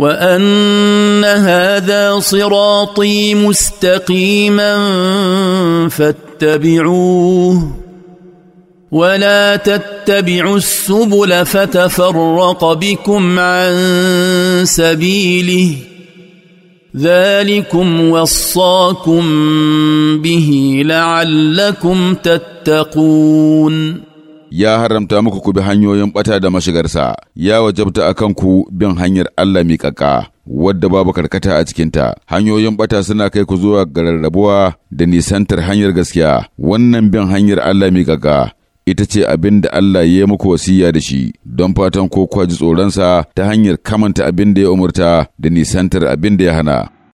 وان هذا صراطي مستقيما فاتبعوه ولا تتبعوا السبل فتفرق بكم عن سبيله ذلكم وصاكم به لعلكم تتقون ya haramta muku ku bi hanyoyin bata da mashigarsa, ya wajabta a kanku bin hanyar Allah miƙaƙa, wadda babu karkata a cikinta. Hanyoyin bata suna kai ku zuwa ga rarrabuwa da nisantar hanyar gaskiya, wannan bin hanyar Allah miƙaƙa. Ita ce abin da Allah ya yi muku wasiya da shi, don fatan ko kwaji tsoronsa ta hanyar kamanta abin da ya umurta da nisantar abin da ya hana.